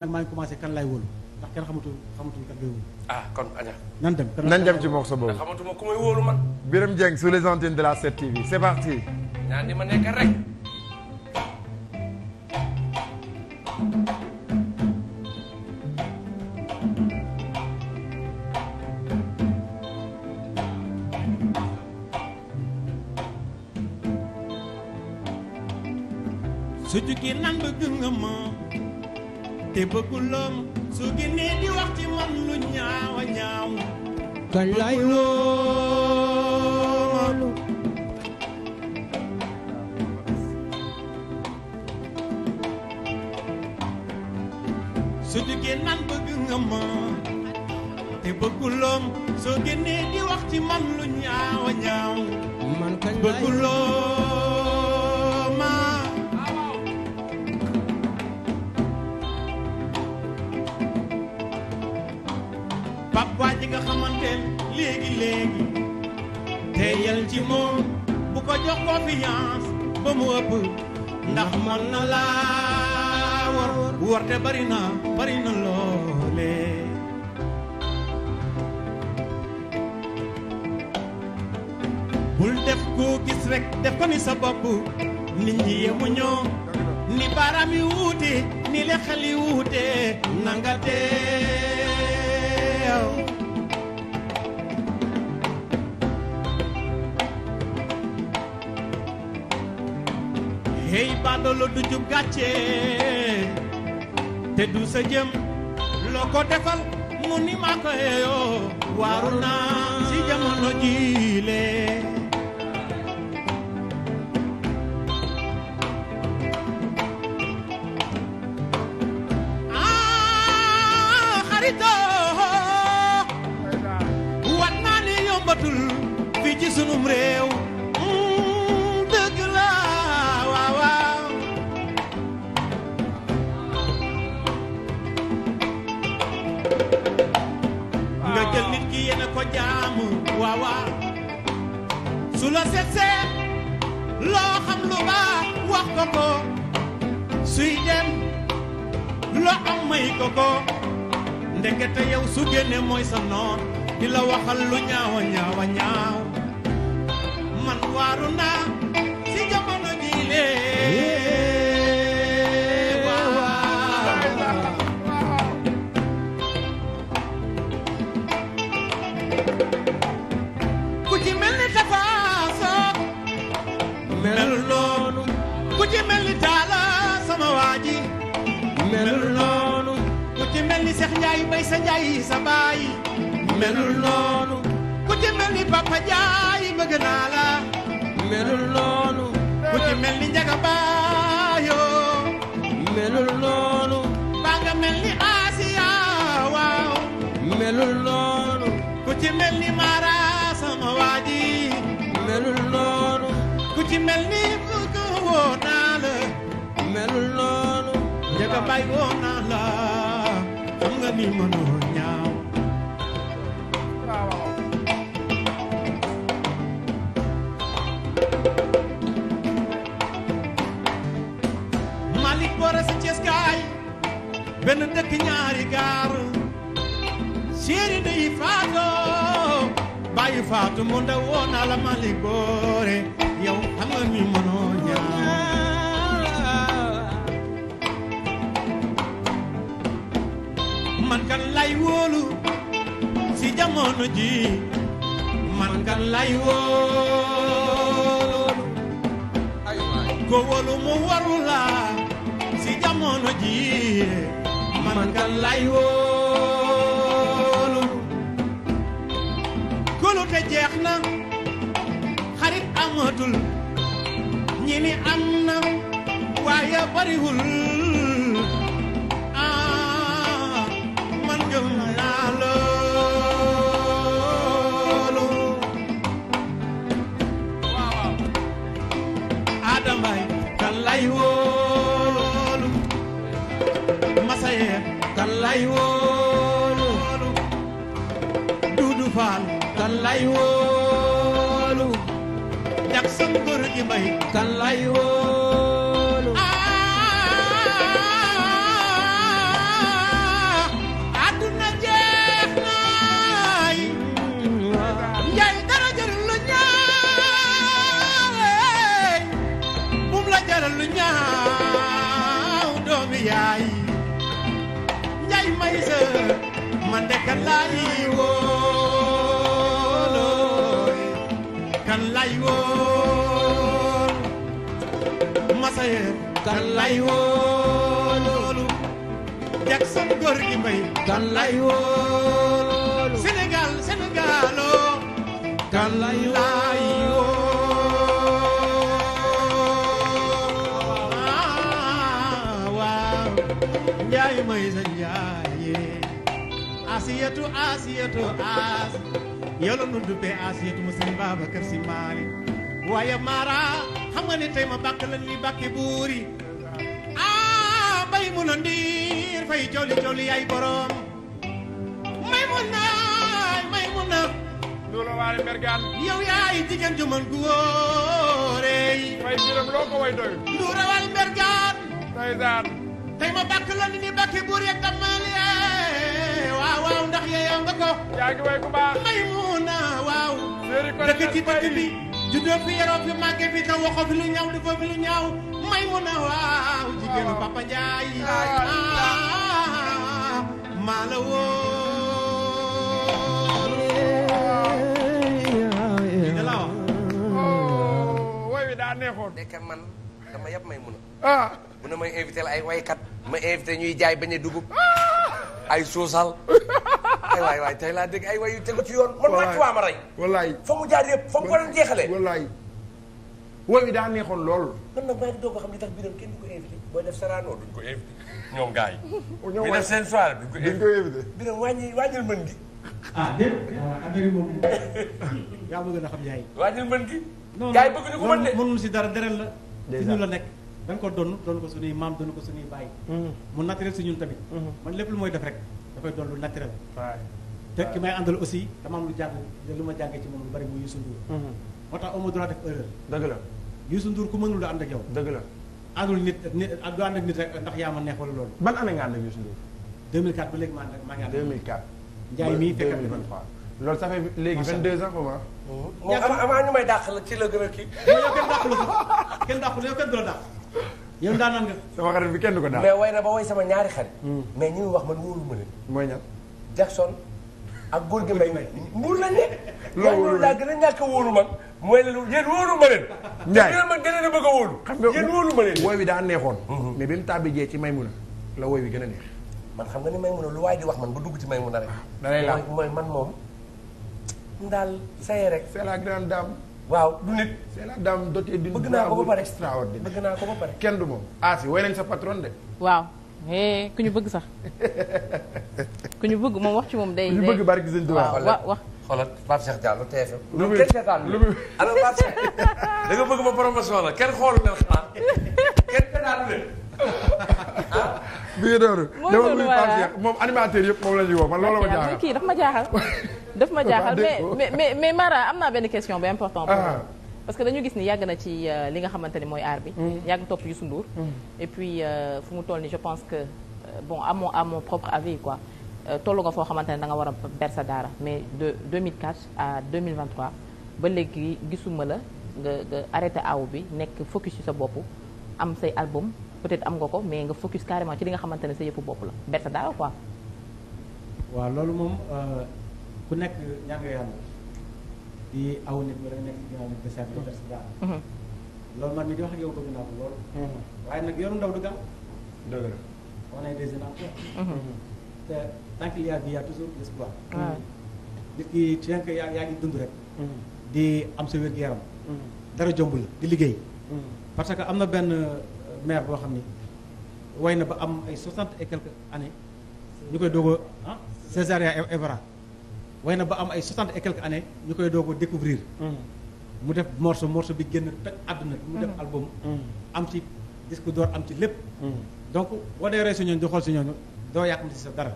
man maa ngi commencé kan laay wóolu ndax kenn xamatu xamatuñ kan ngay wóolu. ah kon Adja. nan dem nan dem ci morceau sa xamatuma ku may wóolu man. Birame Dieng sous les antennes de la 7TV c'est parti. nan la gën ma. te bëggul lom su ginnee di wax ci man lu ñaawa ñaaw kan lay wóolu su diggee nan bëgg ma te bëggul lom soo génnee di wax ci man lu ñaawa ñaaw man kan lay wóolu nga xamanteel léegi léegi te yal ci moom bu ko jox confiance ba mu ëpp ndax mën na laa war war te bari na bari na loole bul def ko gis rek def ko ni sa bopp nit ñi yemu ñoo ni baaraam yi wuute ni le xel yi nanga teew tey baadolo du jub gàcce te du sa jëm loo ko defal mu ni maa ko yeyoo waaru naa si jamono jiile ko ko ndekete yow su génne mooy sa noon di la waxal lu ñaawa ñaawa ñaaw ci mel ni Mara sama waa melul noonu ku ci mel ni bëgg woo naa la melul noonu njëkk bay naa la nga ni mënoo ñaaw Malik boore si Cees gaay benn dëkk ñaari gaar chéri day faatoo bàyyi faatu mu ndaw woon man kan lay wóolu si jamono ji man kan lay wóolu ko wóolu mu waru la si jamono ji man kan lay wóolu kóolute jeex na xarit amatul ñi ni am na waaye bariwul lay wóolu ah, jaral lu ñaaw bum la jaral lu ñaaw doomi yaay njaay may sa man de kan lay kan lay kan lay wóor loolu Jackson góor gi mbay kan lay wóor Sénégal Sénégalo kan lay wóor ah, Njaay may sa njaaye asiyatu asiyatu as yow la nu duppee Asiyatu mu sëriñ Babacar Si Maalik waaye Mara xam nga ne tey ma bàkk lan li bàkki buur yi ah bay mu na ndiir fay coow li coow li yaay borom may mun na may mun na. loolu waale mergaan. yow yaay jigéen ju mën gu wóoree. fay biiram loo ko way doy. lu rawal mergaan. tey daan. tey ma bàkk lan ni bàkki buur yeeg tam. waaw ndax yeeyoo nga ko. yaa ngi way waaw. dëkk ci dëkk bi. juddoo fi yaroo fi màggee fi te waxoo lu ñaaw defoo fi lu ñaaw Maymuna waaw. jigéenu Papa Ndiaye. maa la wóor. lii de oh, wi daa neexoon. ndeke man dama yab Maymuna. ah. bu ne may invité ay waykat. ma invité ñuy jaay bañ a dugub. Ah. ay suusal. Ah. ay waay waay tey laa dégg ay waay yu tegu ci yoon. man wàcc waa ma rey. wallaay fa mu jaar yëpp fa mu ko doon jeexalee. wallaay daa neexoon lool. man nag maa ngi doog a xam li tax biram kenn ko invité booy def Sorano ko invité ñoom gars yi. Oh, ko invité. biram wàññi wàññil mën gi. ah déet ah, affaire yi moom yaa na xam yaay. wàññil mën gi. gars yi bëgg ñu ko mën de si dara deret la. dèjà si ñun la nekk dañ ko donn doon ko suñuy maam doon ko suñuy bàyyi. Hmm. mu naturel si ñun tamit. Hmm. man lépp lu mooy def rek dafay doon lu naturel. te ki may àndal aussi dama am lu jàng lu ma jàngee ci moom lu bari muy Youssou Ndour. Mhm. moo tax amoo droit def erreur. dëgg la Youssou Ndour ku mënul du ànd ak yow. dëgg la àndul nit nit du ànd ak nit ndax yaa ma neex wala loolu. ban année nga ànd ak Youssou Ndour. 2004 ba léegi ma ànd ak maa ngi ànd. 2004 Ndiaye mii fekkat na ma. loolu ça fait léegi 22 ans comment. Oh, ñaata avant ñu may dàq la ci la gën a kii. yow kenn dàqu la ko kenn dàqu la yow kenn du yow ndaanaan nga. sama xarit bi kenn du ko daan. mais way na ba way sama ñaari xarit. Hmm. mais ñi wax man wóoruma leen. mooy ñan. Jackson ak góor gi mbay mi. mbuur la nekk. loolu laa a a wóoru man. mooy ma leen. Ndiaye te man gën a bëgg a xam nga yéen wóoru ma leen. wooy wi daa neexoon. Hmm. mais bi mu tàbbijee ci Maymuna la wooy wi gën a neex. man xam nga ni Maymuna lu waay di wax man ba dugg ci Maymuna rek. Ah, a lay laaj mooy man moom. daal say rek. c'est la grande dame. waaw du nit. c'est la dame dotée d'une bëgg naa ko ba pare extraordinaire bëgg naa ko ba pare. kenn du moom Asi ah, way nañ sa patron de. waaw eh ku ñu bëgg sax ku ñu bëgg moom wax ci moom day. ku ñu bëgg bari Sëñ Tuubaa waaw xoolal Pape Cheikh Diallo TFM. lu muy lu muy alors da bëgg ma promotion la kenn xoolu leen xanaa kenn te daal leen bi nga moom animateur yëpp moom la ñuy woo man loolu ma jaaxal kii daf ma jaaxal. daf ma mais mais mais Mara am naa benn question bu important. Ah. parce que dañu gis ni yàgg na ci euh, li nga xamante ni mooy aar bi. Mm. yàgg topp Youssou Ndour. Mm. et puis euh, fu mu toll ni je pense que euh, bon à mon à mon propre avis quoi tollu nga foo xamante ne da nga war a ber sa daara mais de 2004 à 2023 ba léegi gisuma la nga nga arrêté bi nekk focus ci sa bopp am say album. peut-être am nga ko mais nga focus carrément ci li nga sa yëpp bopp la bett dara quoi. waaw loolu moom euh, ku nekk ñaan nga yàlla di aw nit bi des daal. loolu man mi ko lool. Mhm. waaye nag yoonu ndaw du gaaw. dëgg la on est mhm. a vie ki ci yaa yaa ngi dund rek. Mhm. di am sa wér-gu-yaram. dara jombul di liggéey. parce que am na benn. maire boo xam ni way na ba am ay soixante et quelques années ñu koy doog a ah Césaria Evra way na ba am ay soixante et quelques années ñu koy doog a découvrir mm. mu def morceau morceau bi génn toj àdduna mu def mm. album mm. am ci disque d'or am ci lépp donc boo dee roy si ñooñu di xool si ñooñu doo yàqamti si sa dara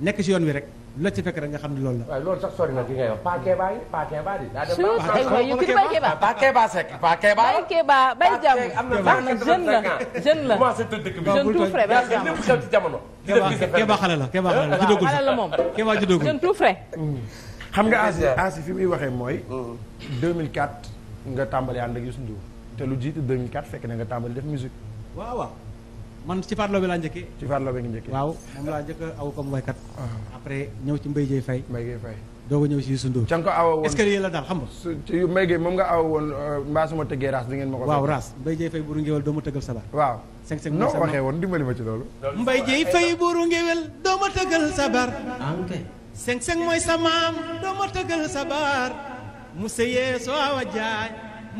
nekk si yoon wi rek la ci fekk rek nga xam ne loolu la. waaw loolu sax sori na ki ngay wax Paa Kéba yi Paa Kéba di. daa dem Paa Kéba Seck Paa jàmm am na jeune la jeune la commencé tëdd dëkk bi jeune jàmm lépp xew jamono. Kéba xale la Kéba xale ah. xale la moom Kéba juddagul jeune tout frais. xam nga Asi Asi fi muy waxee mooy. mille 2004 nga tàmbali ànd ak Youssou Ndour te lu jiitu 2004 fekk na nga tàmbali def musique waaw man ci Fatou Laobé laa njëkkee. ci Fatou Laobé nga njëkkee waaw moom laa njëkk a aw comme waykat. Ah. après ñëw ci mbay Dieye fay Mbaye Dieye a ñëw ci Youssou Ndour. ca nga ko awa woon est-ce que la daal xam nga. su Mbaye Dieye moom nga awa woon euh, mbaa su ma tëggee raas di ngeen ma ko. waaw raas Mbaye Dieye Faye buru ngéwél doo ma tëggal sabar. waaw cinq ma ci loolu. Mbaye Dieye Faye buru ngéwél doo ah, mooy sa maam doo ma tëggal sabar. mu sëyee soo awa jaay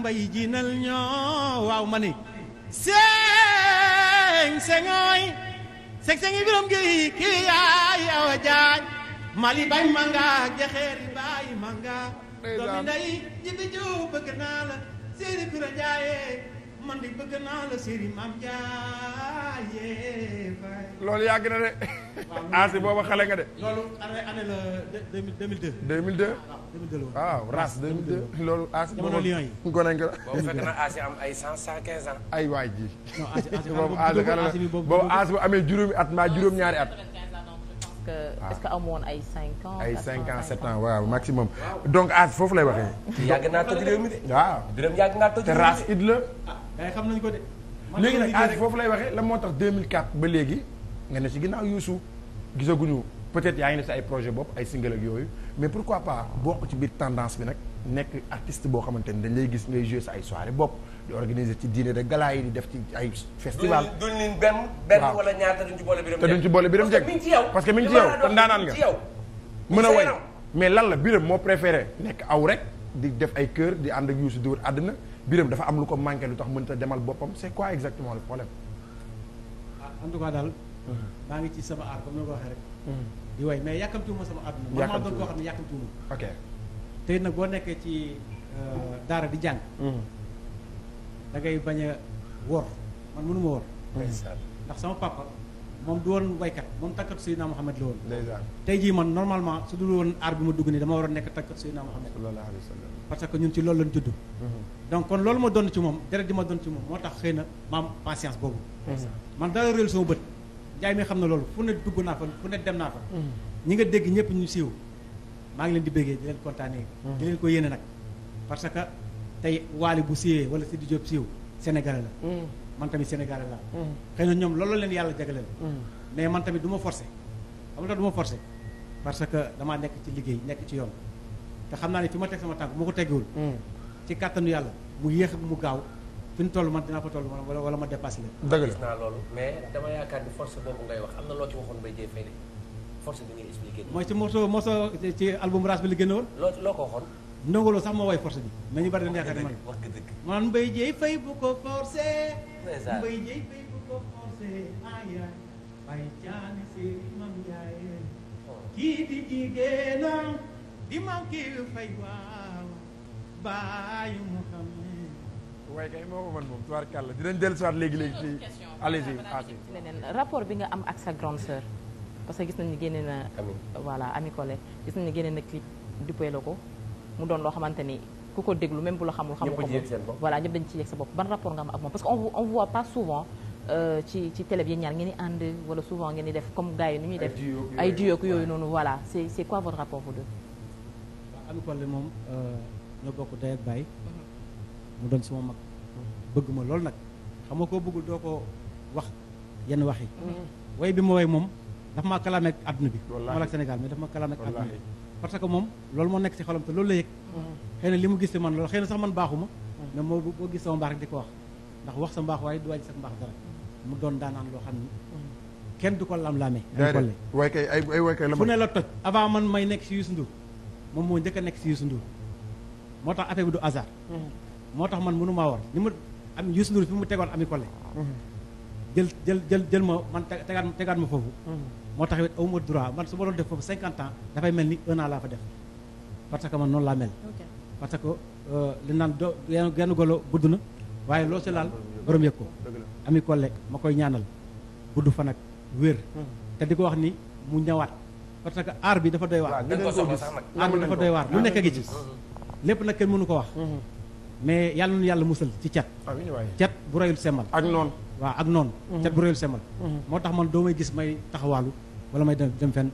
mbay jinal ñoo waaw ma ni. seng sengooy seng sengi biram kii yaay awa jaay mali bañ manga jaxeeri baay manga doomi ndey jibi ju bëgg naa la seeni bira jaayee man di bëgg naa la Serigne Mame Ndiaye loolu yàgg na de. aasi booba xale nga de. loolu année année la mille deux. deux loolu aasi booba jamono lion yi. gone nga am ay cent cent quinze ans. ay waay ji. non aasi boobu aasi bu amee juróomi at maa juróom-ñaari at. que ah. amoon ay cinq ans. ay cinq ans sept ans waaw maximum. donc aas foofu lay waxee. yàgg naa toj réew mi de. waaw te raas it la. Ah. Eh, xam nañ ko de. léegi nag aar foofu lay waxee la moo tax 2004 ba léegi nga ne ci ginnaaw Youssou gisaguñu peut-être yaa ngi def sa ay projet bopp ay single yooyu mais pourquoi pas bokk ci biir tendance bi nag boo xamante ni dañ lay gis ngay jouer sa ay soirée bopp di ci def ci ay festival duñ leen benn benn wala boole biram te duñ ci boole biram jeg parce que mi ci yow te ndaanaan nga mën a way mais lan la biram moo préféré nekk aw rek di def ay kër di ànd ak Youssou di àddina biram dafa am lu ko manqué lu tax mënta demal boppam c'est quoi exactement le problème. Ah, en tout cas daal. maa ngi ci sama aar comme ni ko waxee rek. Hmm. di way mais yàkkamtuwuma sama àdduna. man maa doon koo xam ne yàkkamtuwuma. ok tey nag boo nekkee ci euh, daara di jàng. Hmm. da ngay bañ a wor man mënuma wor. ndax sama papa moom la woon. tey jii man normalement su dul woon aar bi ma dugg nii dama war a nekk takkat Seydina Mohamed. sallallahu alayhi parce que ñun ci loolu lañ judd. Hmm. donc kon loolu ma doon ci moom deret di ma doon ci moom moo tax xëy na ma am patience boobu. man dara réel sama bët Ndiaye mi xam na loolu fu ne dugg naa fa fu ne dem naa fa. Mm. ñi nga dégg ñëpp ñu siiw maa ngi leen di béggee di leen kontaanee. Mm. di leen ko yéene nag parce que tey waali bu siiwee wala Sidi Diop siiw Sénégal la. Mm. man tamit Sénégal la xëy na ñoom loolu leen yàlla jagleel. mais man tamit du ma forcé xam nga du ma forcé parce que damaa nekk ci liggéey nekk ci yoon te xam naa ne fi ma teg sama tànk moo ko teggiwul. ci kàttanu yàlla. mu yéex mu gaaw fi ñu toll man dinaa fa toll wala wala ma dépassé leen. dëgg la gis naa loolu mais dama yaakaar ni force boobu ngay wax am na loo ci waxoon bay jëfee force bi ngay expliqué. mooy ci ko moo way force bi. nañu bari dañu yaakaar ne man wax dëgg man mbay jëy fay bu ko forcé. mbay jëy fay bu ko forcé aya bay caani séeri mam yaaye oh. kii di jigéenam di mam kii fay waaw baayu mu xam waaye kay moo ko mën moom léegi léegi ci. allez-y bi nga am ak sa grande que gis nañu génne na. voilà Ami Collé gis nañu génne na clip duppee la ko mu doon loo xamante ni ku ko déglu même bu la xamul. xamul ko moom voilà ñëpp dañu ci yegg sa bopp ban rapport nga am ak moom parce que on on souvent. Euh, ci ci télé ñaar ngeen di ànd wala souvent ngeen di def comme gars yi nu ñuy def ay duo ak yooyu noonu voilà c'est c'est quoi votre rapport vous deux. mu doon suma mag bëgg ma loolu nag xam nga koo bëggul doo ko wax yenn wax yi mm-hmm. way bi ma way moom dafa maa kalaame ak adduna bi wala ak Sénégal mais dafa ma kalaame ak bi parce que moom loolu moo nekk ci loolu la yëg mm-hmm. xëy na li ma gis ci man loolu xëy na sax man baaxuma mm-hmm. moo boo gis sama di ko wax ndax wax sa mbaax waaye du wàññi mbaax dara mu doon daanaan loo xam ni kenn du ko lam-laamee ay kolle ay ay waay la fu ne la toj avant man may nekk ci Youssou Ndour moom moo njëkk a nekk ci Youssou Ndour moo tax affaire bi du hasard moo tax man mënu maa ni ma am Youssou Ndour fi mu tegoon Ami Collé jël jël jël ma man tegaat tegaat ma foofu moo tax it awuma droit man su ma doon def foofu cinquante ans dafay mel ni un an laa fa def parce que man noonu laa mel parce que euh, li naan do genn golo gudd na waaye loo si laal borom yëg ko Ami Collé ma koy ñaanal gudd fan ak wér hmm. te di ko wax ni mu ñëwaat parce que aar bi dafa doy waar aar bi dafa doy waar lu nekk a ngi ci lépp nag kenn mënu ko wax hmm. mais yàlla na yàlla musal ci cat. amiin waay cat bu reyul semmal. ak noonu. waaw ak noonu. Mhm. cat bu reyul semmal. Mhm. moo tax man doo may gis may taxawaalu wala may dem fenn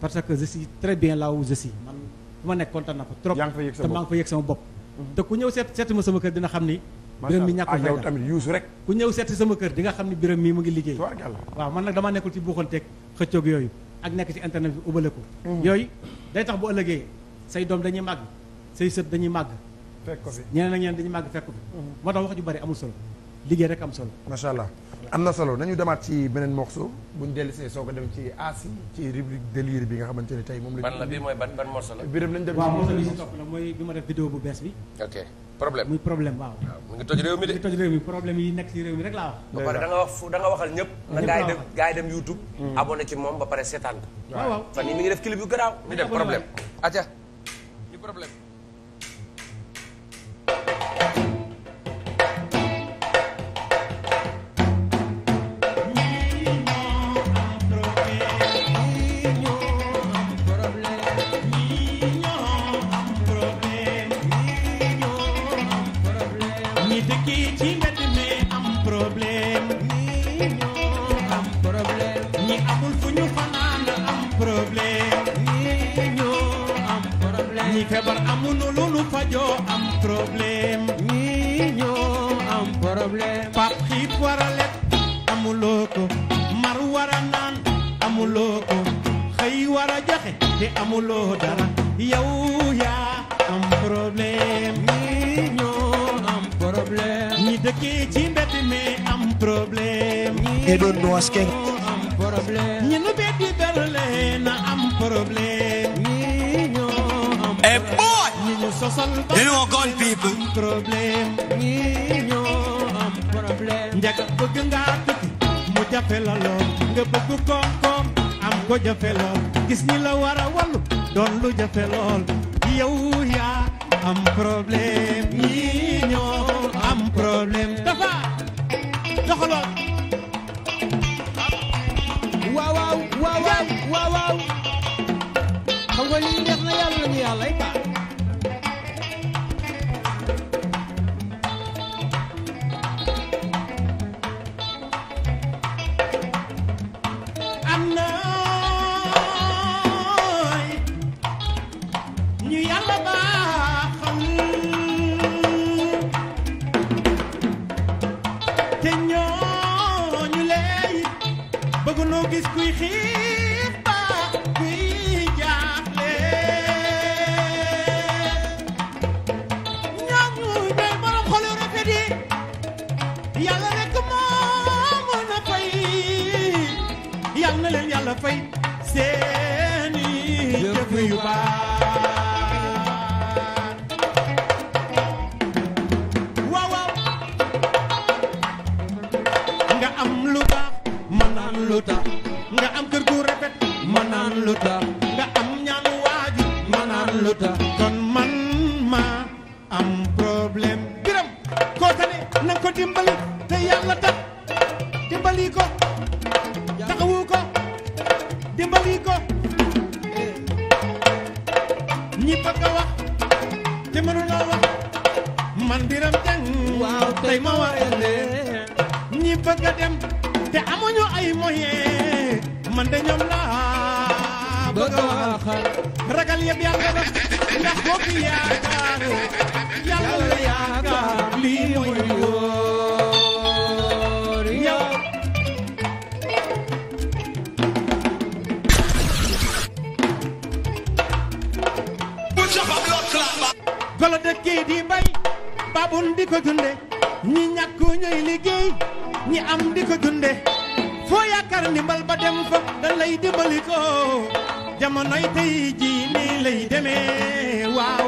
parce que je très bien là où je suis man fu ma nekk kontaan na ko trop. bopp te maa ngi fa yëg sama bopp. Mhm. te ku ñëw seet seet ma sama kër dina xam ni. biram mi ñàkkul ah, yow tamit yuusu rek ku ñëw seet sama kër di nga xam ni biram mi mu ngi liggéey waaw man nag damaa nekkul ci buuxanteeg xëccoog yooyu ak nekk ci internet bi ubale ko yooyu day tax bu ëllëgee say doom dañuy màgg say sët dañuy màgg fekk ko fi ñeneen ak ñeneen dañu màgg fekk ko fi mhm. moo tax wax ju bari amul solo liggéey rek am solo macha allah am na solo nañu demaat ci beneen morceau buñ dellisee soo ko dem ci aasi ci rubrique délire bi nga xamante ne tey moom la ban ma def vidéo bu bees bi ok problème muy problème waaw mu ngi toj réew mi ngi toj réew mi nekk ci réew mi rek laa wax ba pare da wax da nga waxal ñëpp na gaay dem gaay dem youtube mhm. abonné ci moom ba pare seetaan ko waaw waaw fan ngi def clip yu garaaw yow yaa am problème ñii ñoo am problème dafa doxaloon waaw waaw waaw waaw waaw xam nga lii neex na yàlla ko dimbali te yàlla tax dimbali ko taxawu ko dimbali ko ñi bëgg a wax te mënuñoo wax man Biram Jeng ma waree a dem te amuñu ay moyen man de ñoom laa bëgg a waxal ragal yëpp yàlla def ndax boo fi yaakaar yàlla la yaakaar lii mooy la dëkkee di bay babul di ko dunde ñi ñàkk ñooy liggéey ñi am di ko dunde foo yaakaar ndimbal ba dem fa da lay dimbali ko jamonoy tey jii nii lay demee waaw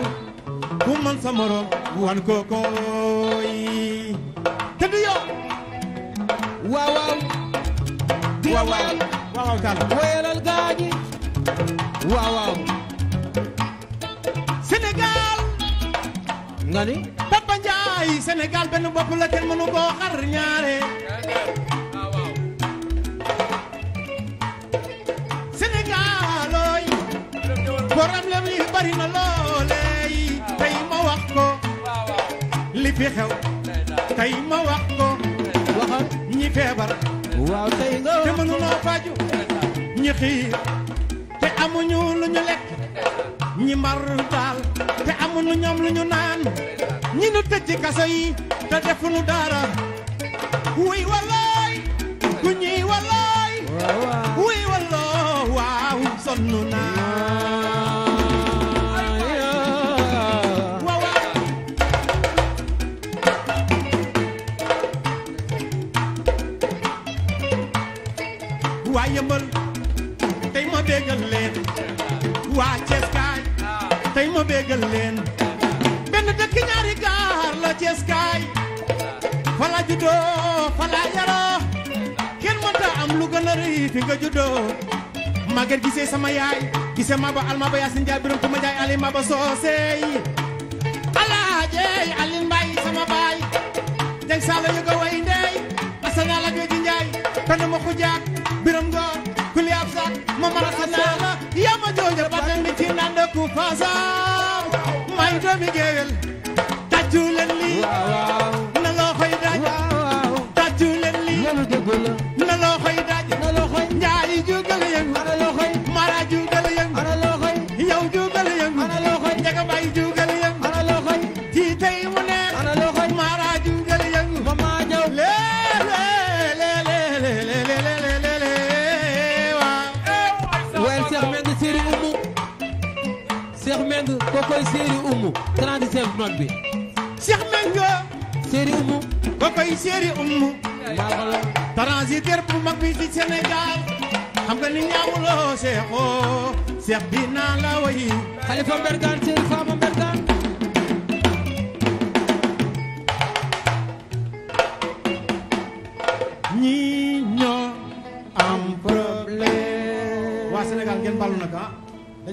ku mën sa morom wan ko koy te du yow waaw waaw waaw waaw waaw waaw waaw waaw waaw waaw nga ni Papa benn bopp la kenn mënu koo xar ñaare. Sénégal ooy problème yi bari na loolee tey ma wax ko li fi xew tey ma wax ko waxal ñi feebar. waaw tey nga te ñi xiir te amuñu lu ñu lekk ñi mar daal. te amuñu ñoom lu ñu naan ñi nu tëj ci kaso yi te defuñu dara wuy wallaay ku ñuy wallaay wuy walloo waaw sonn naa Babacar gisee sama yaay gisee maba almaba yaasin jaay biram kuma jaay ali maba soosey alaajey alin mbaay sama baay jang saala yëga way ndey asana la geji njaay pende ma xujaak biram ngoor kuli ab saak ma marasana la yama jooja batal mi ci nande ku faasa may doomi géwél tàccu leen lii séeréer yu umu tradition umu ba koy umu transitaire bu mag bi ci Sénégal xam nga ni ñaamuloo Cheikh oo oh, Cheikh dinaa la wayi xalifa mbergaan séeréer faama mbergaan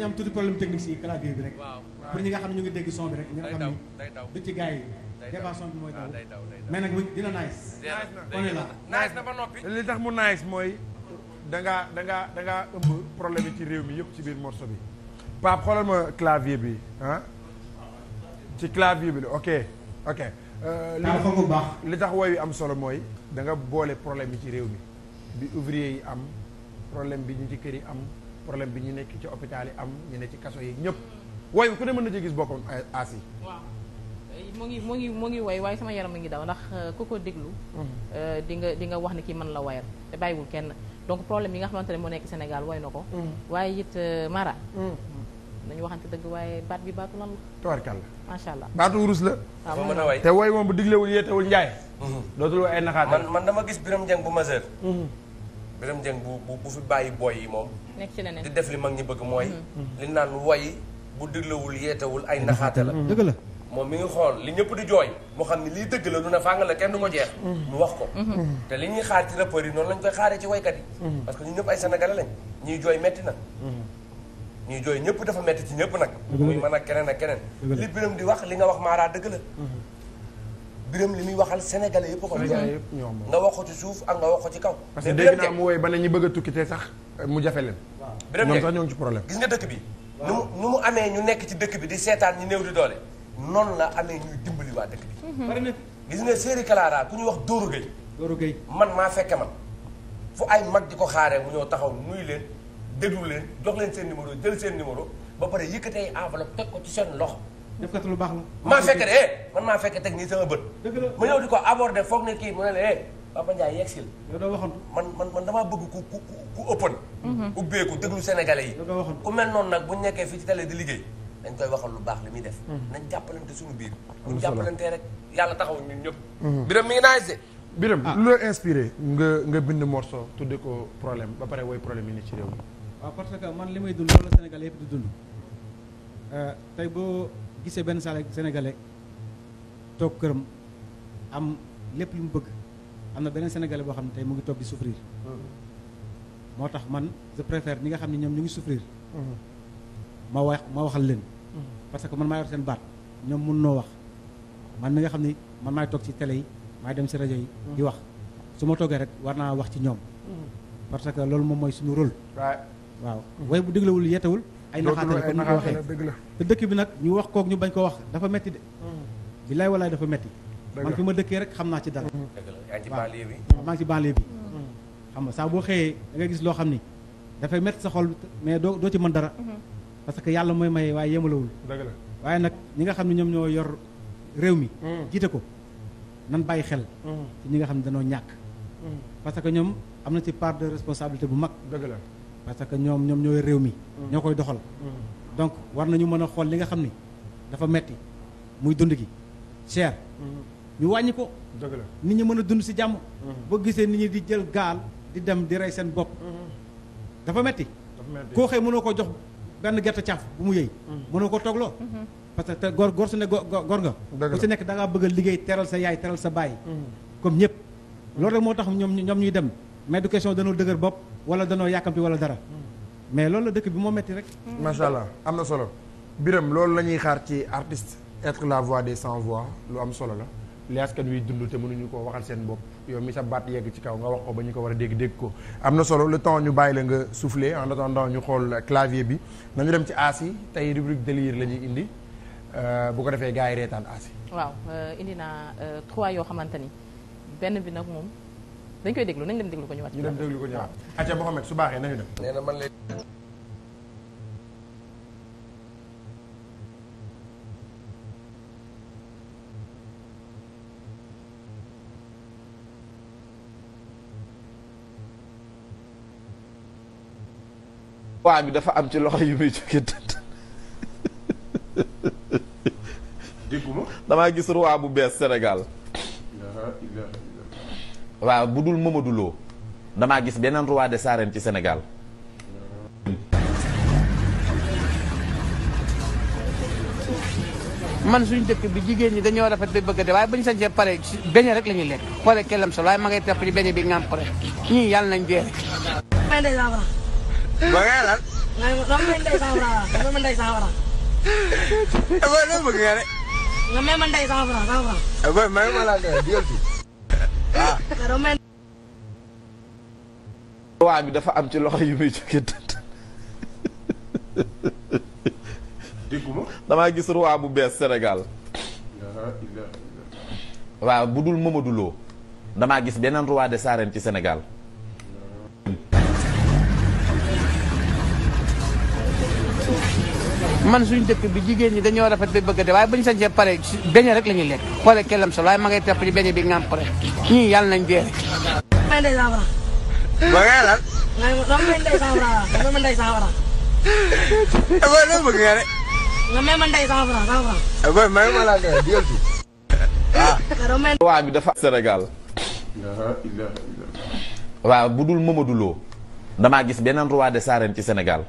am tuuti problème technique si clavier bi rek. pour ñi nga xam ne ñu ngi dégg son bi rek. ñu nga xam ne du ci gars yi. débat son bi mooy ah, daw mais nag dina nice. na est là nice na ba noppi. li tax mu nice mooy da ngaa danga ngaa da ngaa ëmb problème ci réew mi yëpp ci biir morso bi. Pape xoolal ma clavier bi ah. ci clavier bi la ok ok. Euh, li tax bu baax woy wi am solo mooy. danga boole problème yi ci réew mi bi ouvrier yi am problème bi ñu ci kër yi am. problème bi ñu nekk ci hôpital yi am ñu ne ci kaso yi ñëpp woy ku ne mën na ci gis boppam aas yi waaw mu ngi mu ngi mu ngi woy waaye sama yaram a ngi daw ndax euh, ko ko déglu mm-hmm. euh, di nga di nga wax ni ki man la woyal te bàyyiwul kenn donc problème yi nga xamante ne moo nekk Sénégal woy na ko mm-hmm. waaye it euh, Mara mm-hmm. nañu waxante dëgg waaye baat bi baatu lan la tubaarkàlla macha allah baatu wurus la a te woy moom bu diglewul yeetewul njaay dootul woy ay naxaat man dama gis Biram Njeng bu majeur Birame Dieng bu bu bu fi bàyyi boy yi moom. nekk ci di def li mag ñi bëgg mooy. Mm-hmm. li naan woy bu déglawul yeetawul ay mm-hmm. naxaate la. dëgg la moom mi ngi xool li ñëpp di jooy moo xam ne lii dëgg la lu ne fàng la kenn du ko mm-hmm. jeex. mu wax ko. te li ñuy xaar ci rappeurs yi noonu lañ koy xaaree ci woykat yi. parce que ñu ñëpp ay sénégalais lañ ñuy jooy metti na. ñuy jooy ñëpp dafa metti ci ñëpp nag. muy mën ak keneen ak keneen. li Birame di wax li nga wax maaraa dëgg la. biram li muy waxal sénégalais yëpp ko ñoom nga wax ko ci suuf ak nga wax ko ci kaw. parce que dégg naa mu woy ba ne ñu bëgg a tukki te sax euh, mu jafe leen. biram ñoom sax ñoo ngi ci problème. gis nga dëkk bi. nu mu nu mu amee ñu nekk ci dëkk bi di seetaan ñu néew di doole noonu la amee ñuy dimbali waa dëkk bi. Mhm. gis nga série Clara ku ñu wax Dóoru Gueye. Dóoru Gueye man maa fekke man fu ay mag di ko xaaree mu ñëw taxaw nuyu leen déglu leen jox leen seen numéro jël seen numéro ba pare yëkkatee enveloppe teg ko ci seen loxo def kat lu baax la. maa fekk de eh, man maa fekk teg nii sama bët. dëgg ñëw di ko aborder foog ne kii mu ne la eh man damaa bëgg ku ku ku open. Mhm. ubbeeku déglu Sénégalais yi. yow doo waxantu ku mel noonu nag bu ñu nekkee fii ci télé di liggéey. dañ koy waxal lu baax li muy def. Mhm. nañ jàppalante suñu biir. bu ñu jàppalantee rek yàlla taxaw ñun ñëpp. Mhm. biram mi ngi naan se. biram ah. lu la inspiré nga nga bind morceau tudde ko problème ba pare woy problème yi ne ci réew mi. waaw ah, parce que man li may dund loolu Sénégal yëpp di dund euh, gisee benn sénégalais toog këram am lépp lu mu bëgg am na beneen sénégalais boo xam ne tey mu ngi toog di souffrir. Mm-hmm. moo tax man je préfère ñi nga xam ne ñoom ñu ngi souffrir. Mm-hmm. ma wax ma waxal leen. Mm-hmm. parce que man maa yor seen baat ñoom mun noo wax man mi nga xam ni man maay toog ci télé yi maay dem ci rajo yi. di wax su ma toogee rek war naa wax ci ñoom. parce que loolu moom mooy suñu rol waaw waaw way bu déglawul yettawul ay naxaate la comme ni ko te dëkk bi nag ñu wax kook ñu bañ ko wax dafa metti de bilaay walaay dafa metti man fi ma dëkkee rek xam naa ci dara waaw maa ci banlieue bi xam nga saa boo xëyee nga gis loo xam ni dafay metti sa xol mais doo doo ci mën dara mhm. parce que yàlla mooy maye waaye yemalawul waaye nag ñi nga xam ne ñoom ñoo yor réew mi mhm. jiite ko nan bàyyi xel mhm. ci ñi nga xam ne danoo ñàkk parce que ñoom am na ci part de responsabilité bu mag dëgg parce que ñoom ñoom ñooy réew mi. Mm. ñoo koy doxal. Mm. donc war nañu mën a xool li nga xam ni dafa metti muy dund gi cher. Mm. ñu wàññi ko. dëgg la nit ñi mën a dund si jàmm. boo gisee nit ñi di jël gaal di dem di rey seen bopp. dafa metti koo xëy mënoo ko jox benn gerte caaf bu mu yëy. mënoo ko toogloo. Mm-hmm. parce que góor góor su ne góor nga. ku si nekk da ngaa a liggéey teral sa yaay teral sa baay. comme ñëpp. loolu rek moo tax ñoom ñoom ñuy dem. mais du question danoo dëgër bopp wala danoo yàkkamti wala dara mais lool la dëkk bi moo metti rek. macha allah am na solo Birame loolu la ñuy xaar ci artiste être la voix des sans voix lu am solo la li askan wi dund te mënuñu ko waxal seen bopp yow mi sa baat yegg ci kaw nga wax ko ba ñu ko war a dégg dégg ko. am na solo le temps ñu bàyyi la nga souffler en attendant ñu xool clavier bi nañu dem ci aas yi tey rubrique délire la ñuy indi euh, bu ko defee gars yi reetaan aas yi. waaw euh, indi naa euh, trois yoo xamante bi nag moom. dañ koy déglu nañ dem déglu ko ñu dem déglu ko ñëwaat. acca Mouhamed su baaxee nañu dem. nee na man lay. waa bi dafa am ci loxo yu muy jóge dégguma damaa gis roi bu bees senegal waaw bu dul Mamadou Lo damaa gis beneen roi des ci Sénégal. man suñu dëkk bi jigéen ñi dañoo rafet ba bëgg de waaye bañ sañsee pare beñe rek la ñuy lekk xoole kellam solo waaye ma ngay topp ci beñe bi ngam pare ñii yàlla nañ dee rek Ah. waa bi dafa am ci loxo yu muy jóge dégguma damaa gis roi bu bees Sénégal waaw bu dul Mamadou damaa gis beneen roi des arènes ci Sénégal man suñu dëkk bi jigéen ñi dañoo rafet ba bëgg de waaye bañu sañcee pare beñe rek la ñuy lekk xoolee kellam sol waaye ma ngay tepp ci beñe bi ngam yàlla nañ dee rek laa koy digal bi dafa Sénégal. waaw bu dul Mamadou Lo damaa gis beneen roi des arènes ci senegal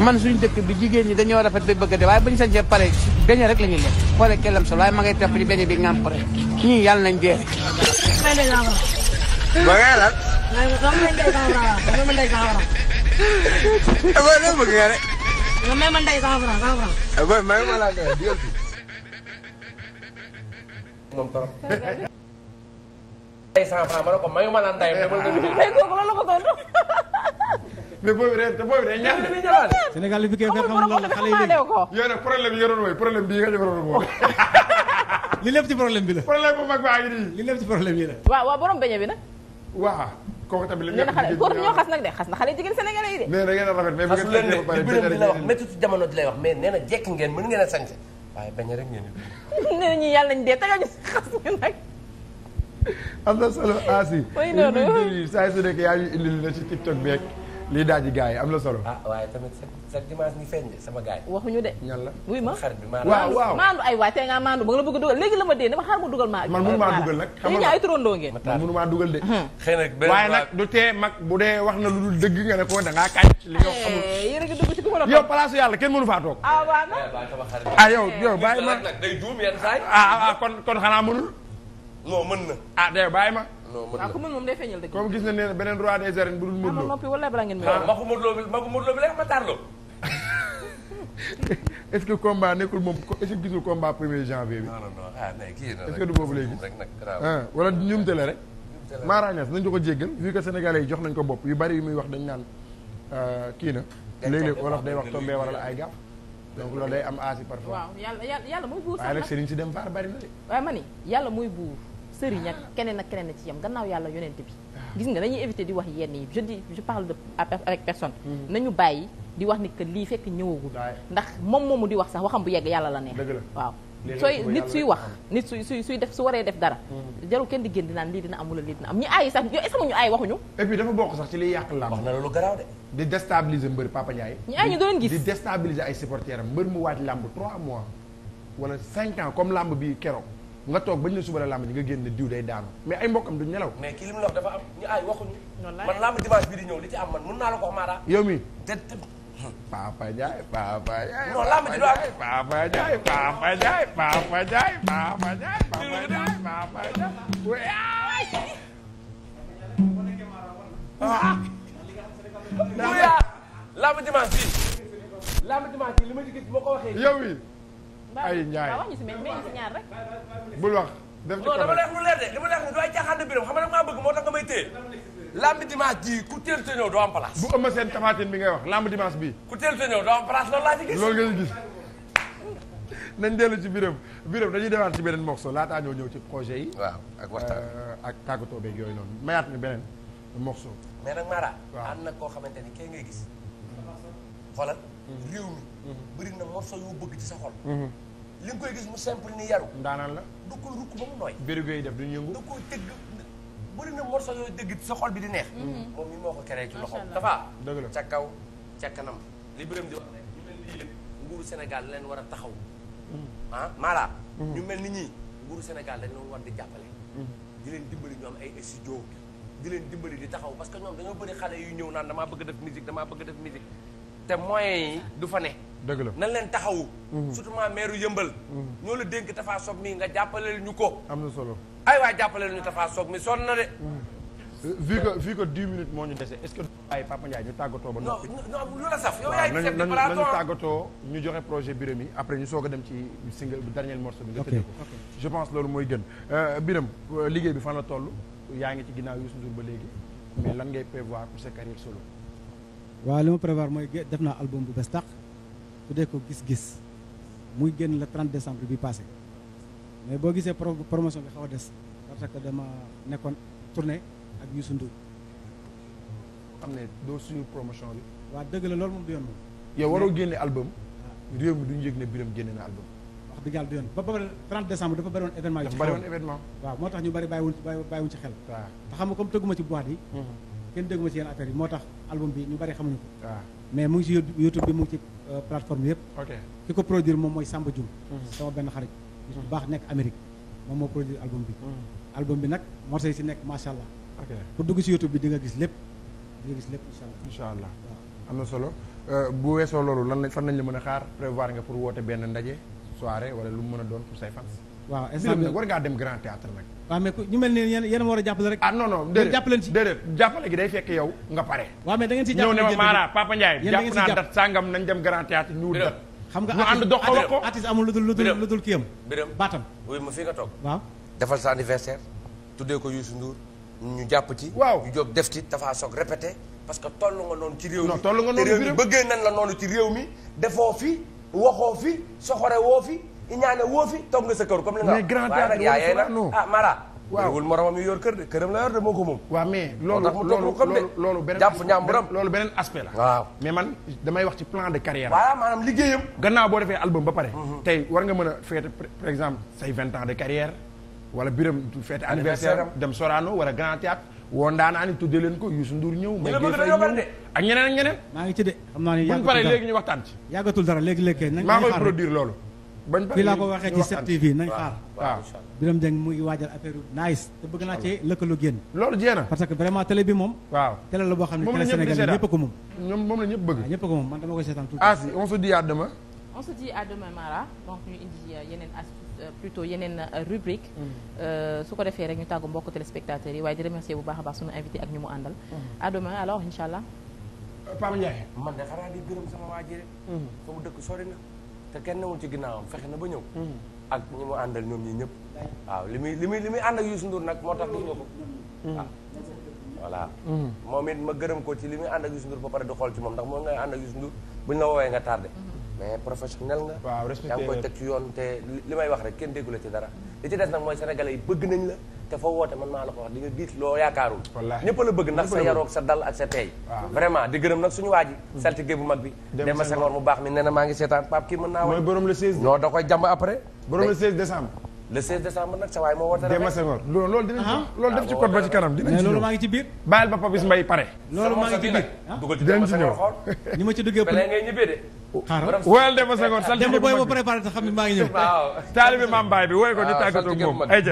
man suñu dëkk bi jigéen ñi dañoo rafet ba bëgg de waaye bu ñu sañsee pare beñe rek la ñuy lekk xoole kellam sol waaye ma ngay topp bi ngam pare ñii yàlla nañ dee ba ngay lan boy loo bëgg ndey cent ma laa ngay ndey cent ma ne ko ma la ndey demal nga ko loolu la ko tontu mais boobu ren te boobu day ñaan de. Sénégal li fi koy xam loolu xale yi léegi. yow nag problème yi yoroon mooy problème bii nga ñu waroon woo. li lépp ci problème bi la. problème bu mag baa ngi nii. li lépp ci problème yi la. waaw waaw borom beñe bi nag. waaw kooku tamit la. ñu ne xale góor ñoo xas nag de xas na xale jigéen sénégalais yi de. mais da ngeen a rafet mais bu ngeen tëjee ba pare bi la wax métti jamono di lay wax mais nee na jekk ngeen mën ngeen a sañse waaye bañ rek ngeen di. nee nañu yàlla nañu dee taga ñu xas ñu nag. am na solo Asi. mooy noonu li muy déglu saa su nekk yaa ngi indil na ci TikTok beeg lii daal di gars yi am na solo. Ah, sa dimanche ni feeñ sama gars yi. waxuñu de. ñan la wuy ma waaw waaw maandu ay waay tey ngaa maandu ba nga la bëgg a dugal léegi la ma dee dama xaar ma dugal maa. man mënu maa dugal nag xam man mënu maa dugal de. waaye nag du tee mag bu dee wax na lu dul dëgg nga ne ko da ngaa kañ. li nga eh, xamul yéen a ngi dugg ci ku ma la yow palaasu yàlla kenn mënu faa toog. ah waaw nag eh, ah yow eh. yow bàyyi ma ah, ah kon kon xanaa mënul. non mën na ah de bàyyi ma non mën na waaw ku mën moom day feeñal dëgg. comme gis na ne beneen roi des arènes bu dul ah, Modou Lo. ah ma balaa ngeen mën a. maxu Modou Lo bi maxu ce que combat nekkul moom est-ce que gisul combat premier janvier bi. non ah, du boobu léegi ah wala ñumte la rek. maaraañas nañ ko ko jéggal vu que sénégalais yi jox nañ ko bopp yu bari yu muy wax dañ naan euh, kii na. léeg-léeg wolof day wax tombé waral ay gàpp. donc loolu day am aasi parfois. waaw yàlla yàlla muy dem faar bari na yàlla muy buur sëriñ keneen ak keneen a ci yem gannaaw yàlla yonent bi gis nga dañuy éviter di wax yenn yi je dis je parle de avec personne mm-hmm. nañu bàyyi di wax ni que lii fekk ñëwagul ndax moom moom mu di wax sax waxam bu yegg yàlla la neex waaw sooy nit suy wax nit suy suy suy def su waree def dara mm-hmm. jarul kenn di génn di naan lii dina am wala lii dina am ñu aay sax est-ce que ñu aay waxuñu et dafa bokk sax ci liy yàq làmb wax na loolu garaaw de di déstabiliser mbër Papa Ndiaye ñu aay ñu doon gis di déstabiliser ay supporters bi keroog nga toog bañ la suba la làmb ji nga génn diw day daanu mais ay mbokkam duñ nelaw. mais kii li mu la wax am ñu ay waxuñu. man làmb di ñëw li ci am man mun naa la ko wax ay Ndiaye waaw bul wax def ci dama leex de dama leex lu doy caaxaan de xam nga maa bëgg am seen tamatin bi ngay wax lamb dimanche bii. ku teel te ñëw gis. nañ dellu ci biram biram dañuy defaat ci beneen morceau laataa ñoo ñëw ci projet yi. ak waxtaan euh, ak tàggatoo beeg yooyu noonu mayaat nga beneen morceau. mais nag Mara. ànd nag koo xamante ni kee ngay gis réew mi mm-hmm. bëri na morceau yu bëgg ci sa xol mm-hmm. li nga koy gis mu simple ni yaru ndaanaan la da koy rukk ba mu nooy bérigo yi def duñu yëngu da koy tëgg bëri na morceau yooyu dëgg ci sa xol bi di neex mm-hmm. moom mi moo ko keree ci loxo dafa dëgg ca kaw ca kanam li bërëm di wax ne ñu mel ni war taxaw ah maala ñu mel ni ñii nguuru Sénégal dañ leen war di jàppale di leen dimbali ñu am ay studio di leen dimbali di taxaw parce que ñoom dañoo bëri xale yu ñëw naan damaa bëgg def musique damaa bëgg def musique te moyens yi du fa ne. dëgg la nan leen taxawu. Mm. surtout maa meeru yëmbal. Mm. ñoo la dénk Tafa Sock mii nga jàppale ñu ko. am na solo ay waa jàppaleel ñu Tafa Sock mi sonn na de. vu que vu que dix minutes moo ñu dese est-ce que. ay Papa Ndiaye ñu tàggatoo ba noppi. non non la tàggatoo ñu joxe projet biram yi après ñu soog a dem ci single dernier morceau bi. nga tëjee ko je pense loolu mooy gën. Euh, biram euh, liggéey bi fan la toll yaa ngi ci ginnaaw Youssou Ndour ba léegi mais lan ngay prévoir pour sa carrière waaw li ma prévoir mooy def naa album bu bees tax su dee ko gis-gis muy génn le 30 décembre bi passé mais boo gisee pro promotion bi xaw a des parce que dama nekkoon tournée ak Youssou Ndour. xam ne doo suñu promotion bi. waaw dëgg la loolu moom du yoon moom. yow waroo génne album. réew mi duñu yëg ne Birame génne na album. wax dëgg yàlla dafa bëri événement. yu ci tax ñu bëri bàyyiwuñ ci bàyyiwuñ ci xel. waaw te xam nga tëgguma ci boîte yi. Mm-hmm. kenn déggu ma si yenn affaire yi moo tax album bi ñu bari xamuñu ko. Ah. mais mu ngi si YouTube bi mu ngi ci euh, plateforme yëpp. ok ki ko produire moom mooy Samba Dioum. Mhm. sama benn xarit. bu mhm. baax nekk Amérique moom moo produire album bi. Mhm. album bi nag morceau yi si nekk macha allah. ok pour dugg si YouTube bi di nga gis lépp di gis lépp incha allah. incha allah am na solo euh, bu weesoo loolu lan lañ fan lañ la mën a xaar prévoir nga pour woote benn ndaje soirée wala lu mu mën a doon pour say waaw instant war ngaa dem grand théâtre nag. waaw mais ñu mel ne yéen yéen a war a jàppale rek. ah non non déedéet jàppaleen ci déedéet jàppale gi day fekk yow da ngeen ciy nañ dem grand théâtre ñu dat xam nga ànd dox ko ko artiste amul lu dul lu dul lu baatam oui ma fi nga toog. waaw defal sa anniversaire. tuddee ko Youssou Ndour ñu jàpp ci. waaw ñu jóg def ci dafa soog répété parce que toll nga noonu ci réew mi non toll nga noonu la noonu ci réew mi defoo woo fi ñaane woo fi nga sa kër comme li mais grand théâtre yaayee na ah yor kër de këram la yor de moo ko moom. waaw mais loolu loolu loolu beneen jàpp ñàmburam loolu la. waaw mais man damay wax ci plan de carrière. voilà maanaam liggéeyam. boo defee album ba pare. Mhm. tey war nga mën a fête par exemple say vingt ans de carrière. wala biram fête anniversaire dem Sorano wala Grand Théâtre woo ndaanaani tuddee leen ko Youssou Ndour ñëw. maa ngi ci de xam naa ne yàggatul dara bu ñu paree léegi ñu waxtaan ci. yàggatul dara léegi léegi maa koy produire loolu bañ laa ko waxee ci 7TV xaar. waaw Birame Dieng waajal affaire nice te bëgg naa ci lëkkaloo génn. loolu jéem a parce que vraiment télé bi moom. waaw la boo xam ne télé Sénégal ñëpp ko moom. moom la ñëpp bëgg. waaw ah, ko moom man dama koy seetaan tout à fait. Ah, on se dit à demain. on se dit à demain Mara donc ñu indi euh, yeneen astuce euh, plutôt yeneen euh, rubrique mm. su ko defee rek ñu tàggu mbokk yi waaye di remercier bu baax a baax sunu invité ak ñu mu àndal. Mm. à demain alors incha allah. Pape Ndiaye. man de xanaa di gërëm sama waa te kenn wul ci ginnaaw am fexe na ba ñëw. Hmm. ak ñi mu àndal ñoom ñi ñëpp. waaw li muy li muy li muy ànd ak Youssou Ndour nag moo tax gis nga ko. Hmm. waaw voilà. Hmm. moom it ma gërëm ko ci li muy ànd ak Youssou Ndour ba pare di xool ci moom ndax moom ngay ànd ak Youssou Ndour buñ la woowee nga tardé. mais professionnel nga. waaw respecté nga yaa koy teg ci yoon te li may wax rek kenn déggu la ci dara. li ci des nag mooy sénégalais yi bëgg nañ la te foo woote man maa la ko wax di nga diit loo yaakaarul. wallaahi bëgg ndax sa yaroog sa dal ak sa teey vraiment di gërëm nag suñu waa saltige bu mag bi. dem sa mu baax mi nee maa ngi seetaan Pape kii mën naa. mooy borom le da koy jàmb après. borom le 16 décembre. le 16 décembre nag sa waay ah. def ci code ba ci kanam dinañ ci loolu maa ngi ci biir. bàyyil ba Papis Mbaye pare. loolu maa ngi ci biir dugal ci Demba ni ma ci duggee. bële ngay ñibbee de. xaaral woyal Demba Senghor. booy ma préparé te xam ne maa ngi ñëw. waaw taalibi Mame Baye bi woy ko ñu ah, moom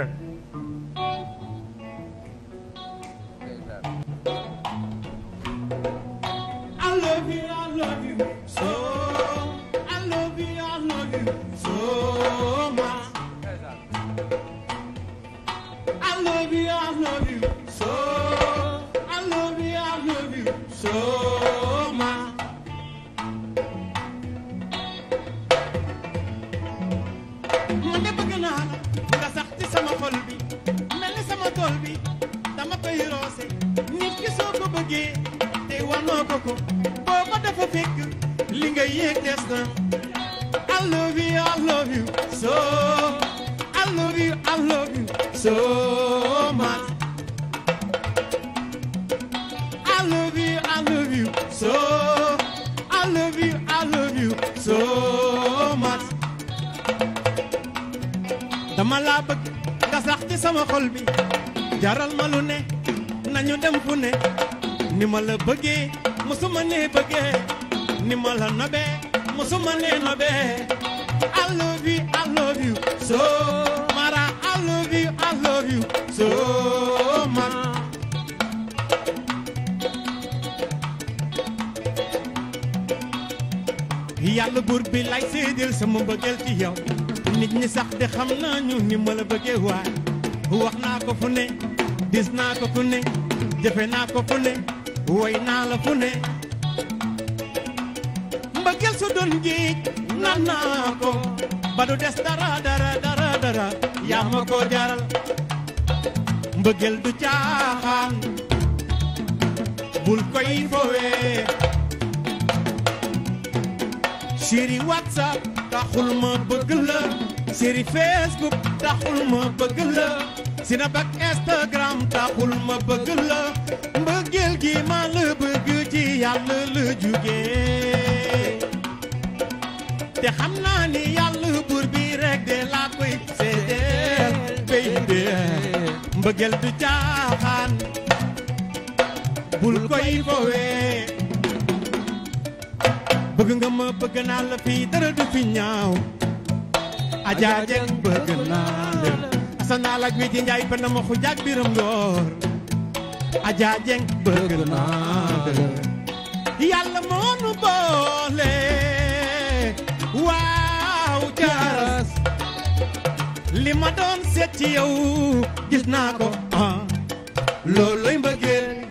yàlla buur bi lay séedéel sama mbëggeel ci yow nit ñi sax de xam nañu ni ma la bëggee waay naa ko fu ne dis naa ko fu ne jëfe naa ko fu ne naa la fu ne mbëggeel su doon géej naan naa ko ba du des dara dara dara dara yaa ma ko jaral mbëggeel du caaxaan bul koy fowee chéri whatsapp taxul ma bëgg la chéri facebook taxul ma bëgg la snap ak instagram taxul ma bëgg la gi ma la bëgg ci te xam naa ni yàlla rek de la koy seedeel baby mbëggeel du bul koy fowee bëgg nga ma bëgg naa la fii dara du fi ñaaw Adja Dieng bëgg naa la Asanal ak Widi Njaay biram door Adja Dieng bëgg naa la yàlla boole waaw jaras li ma doon seet ci yow gis naa ko ah looloy mbëggeel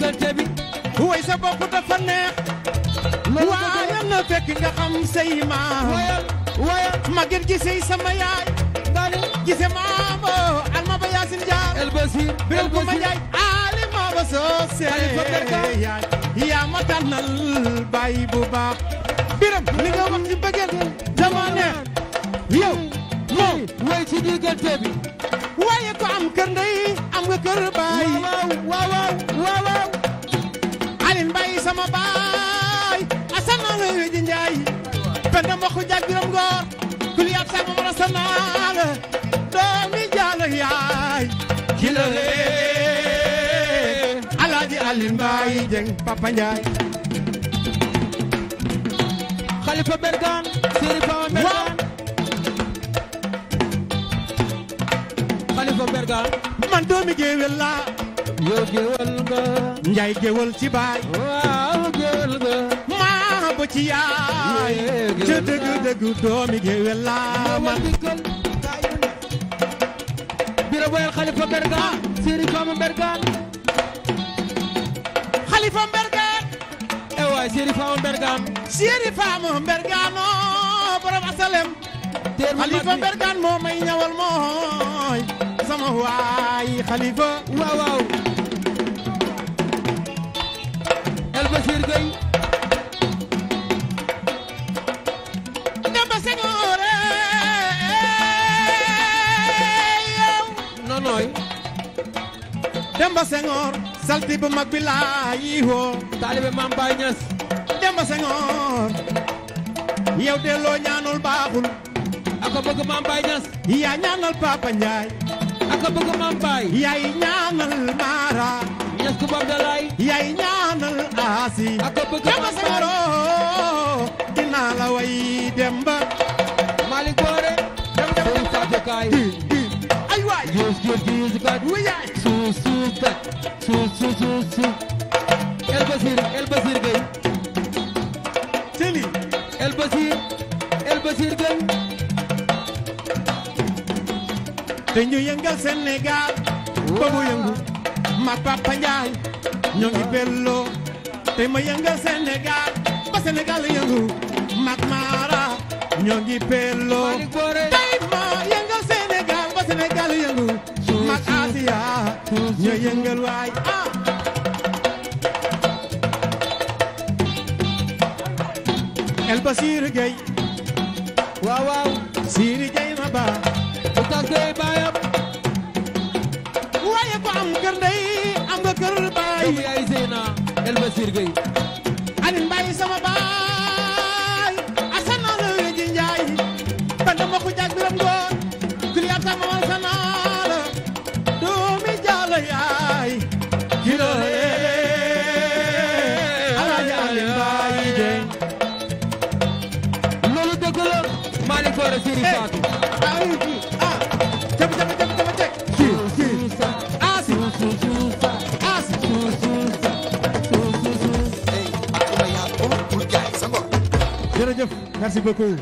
diggante bi way sa bopp dafa neex waaye na fekk nga xam say maam waaye magget gi sey sama yaay gise maamo alma ba yaasin jaar el basir bel ko ma jaay ali ma ba soose yaay yaa ma tànnal bàyyi bu biram li nga wax ci bëggeel dama neex yow moom way ci diggante bi waaye ko am kër ndey am nga kër baay waaw waaw waaw Alioune sama baay Assane naa la wéji Njaay penda mbokk jaag biram ngoor kuliyaat sama mara sanaa la doomi jaalo yaay kila Alaaji Alioune Mbaye Dieng Papa Njaay Khalifa Bergan Serigne Pawa Bergan ko berga man doomi géwél laa yow bira boyal xalifa berga siri fama xalifa berga e waay siri fama berga siri fama berga no borom asalem xalifa berga moo may ñawal mooy sama waay xalifa waaw waaw El Bachir Gueye Demba Senghor eh, eh, eh, yow nonooy Demba bu mag bi laa yi woo taalibe Maam Baay Ñas Demba delloo ñaanul baaxul ako bëgg Maam Baay Ñas yaa ñaanal Papa Njaay ak a bëgg maam baay yaay ñaanal maara ñas ku bab dalay yaay ñaanal aasi ak a bëgg maam baay dinaa la way demba malik boore dem dem dem sajukaay ay waay yus jur gi yus kat wu yaay suus suus kat suus suus suus suus el basir el basir gay teli el basir te ñu yëngal ba mu yëngu ma Papa Njaay ngi bello te ma yëngal Sénégal ba Sénégal yëngu mat Mara ñoo ngi bello tey ma yëngal Sénégal ba Sénégal yëngu mat Asia ñoo yëngal waay ah El Basir Gueye waaw waaw Siri Gueye ma baa dey baayam waaye ko am kër ndey am kër baay ay Zeyna El Basir Gueye Alioune Mbaye sama baay merci beaucoup